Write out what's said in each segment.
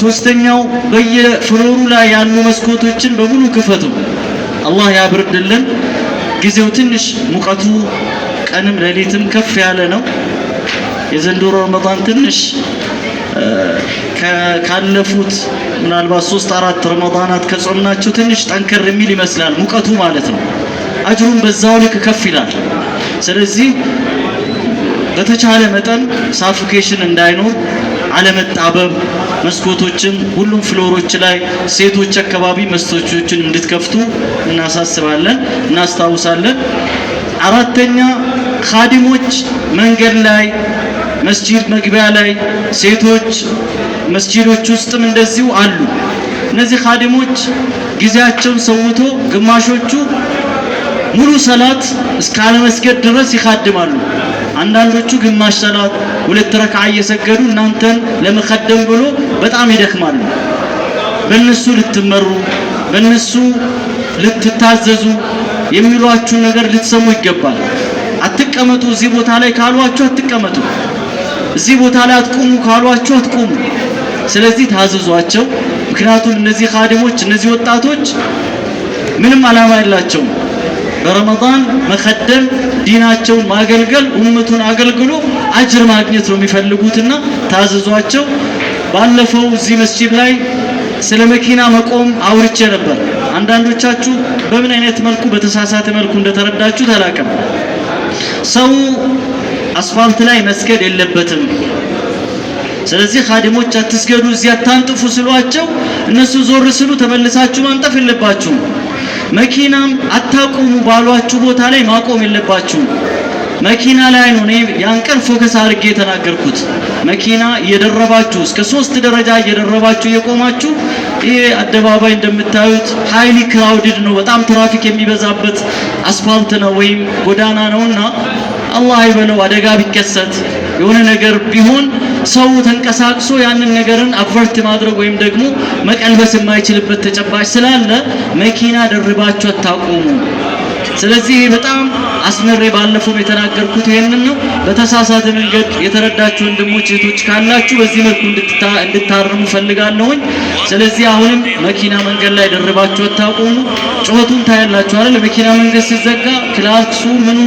ሶስተኛው በየፍሎሩ ላይ ያሉ መስኮቶችን በሙሉ ክፈቱ። አላህ ያብርድልን። ጊዜው ትንሽ ሙቀቱ ቀንም ሌሊትም ከፍ ያለ ነው። የዘንድሮ ረመዳን ትንሽ ካለፉት ምናልባት ሶስት አራት ረመዳናት ከጾምናቸው ትንሽ ጠንከር የሚል ይመስላል ሙቀቱ ማለት ነው። አጅሩም በዛው ልክ ከፍ ይላል። ስለዚህ በተቻለ መጠን ሳፉኬሽን እንዳይኖር አለመጣበብ መስኮቶችን ሁሉም ፍሎሮች ላይ ሴቶች አካባቢ መስኮቶችን እንድትከፍቱ እናሳስባለን፣ እናስታውሳለን። አራተኛ ካዲሞች መንገድ ላይ መስጂድ መግቢያ ላይ ሴቶች መስጂዶች ውስጥም እንደዚሁ አሉ። እነዚህ ካዲሞች ጊዜያቸውን ሰውቶ ግማሾቹ ሙሉ ሰላት እስከ አለመስገድ ድረስ ይካድማሉ። አንዳንዶቹ ግማሽ ሰላት ሁለት ረክዓ እየሰገዱ እናንተን ለመከደም ብሎ በጣም ይደክማሉ። በእነሱ ልትመሩ በእነሱ ልትታዘዙ የሚሏችሁን ነገር ልትሰሙ ይገባል። አትቀመጡ፣ እዚህ ቦታ ላይ ካሏችሁ አትቀመጡ፣ እዚህ ቦታ ላይ አትቁሙ ካሏችሁ አትቁሙ። ስለዚህ ታዘዟቸው። ምክንያቱም እነዚህ ካድሞች እነዚህ ወጣቶች ምንም ዓላማ የላቸውም። በረመዳን መከደም ዲናቸውን ማገልገል ኡመቱን አገልግሎ አጅር ማግኘት ነው የሚፈልጉትና ታዘዟቸው። ባለፈው እዚህ መስጂድ ላይ ስለ መኪና መቆም አውርቼ ነበር። አንዳንዶቻችሁ በምን አይነት መልኩ በተሳሳተ መልኩ እንደተረዳችሁ ተላቀም። ሰው አስፋልት ላይ መስገድ የለበትም። ስለዚህ ኻዲሞች አትስገዱ፣ እዚያ አታንጥፉ ስሏቸው እነሱ ዞር ስሉ ተመልሳችሁ ማንጠፍ የለባችሁም። መኪናም አታቆሙ ባሏችሁ ቦታ ላይ ማቆም የለባችሁም። መኪና ላይ ነው እኔ ያን ቀን ፎከስ አድርጌ የተናገርኩት። መኪና እየደረባችሁ እስከ ሶስት ደረጃ እየደረባችሁ እየቆማችሁ ይሄ አደባባይ እንደምታዩት ሃይሊ ክራውድድ ነው፣ በጣም ትራፊክ የሚበዛበት አስፋልት ነው ወይም ጎዳና ነውና አላህ ይበለው አደጋ ቢከሰት የሆነ ነገር ቢሆን ሰው ተንቀሳቅሶ ያንን ነገርን አቨርት ማድረግ ወይም ደግሞ መቀልበስ የማይችልበት ተጨባጭ ስላለ መኪና ደርባችሁ አታቆሙ። ስለዚህ በጣም አስምሬ ባለፈውም የተናገርኩት ይሄንን ነው። በተሳሳተ መንገድ የተረዳችሁ ወንድሞች እህቶች ካላችሁ በዚህ መልኩ እንድታርሙ ፈልጋለሁኝ። ስለዚህ አሁንም መኪና መንገድ ላይ ደርባችሁ አታቆሙ። ጩኸቱን ታያላችሁ አይደል? መኪና መንገድ ሲዘጋ ክላክሱ ምኑ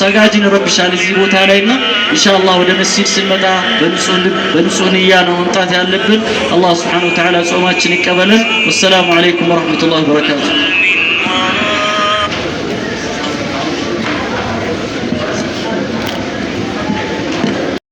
ሰጋጅ ረብሻል እዚህ ቦታ ላይ እና ኢንሻአላህ ወደ መስጂድ ስንመጣ በንጹህ ልብ በንጹህ ንያ ነው መምጣት ያለብን። አላህ ሱብሓነሁ ወተዓላ ጾማችን ይቀበለን። ወሰላሙ አለይኩም ወራህመቱላሂ ወበረካቱ።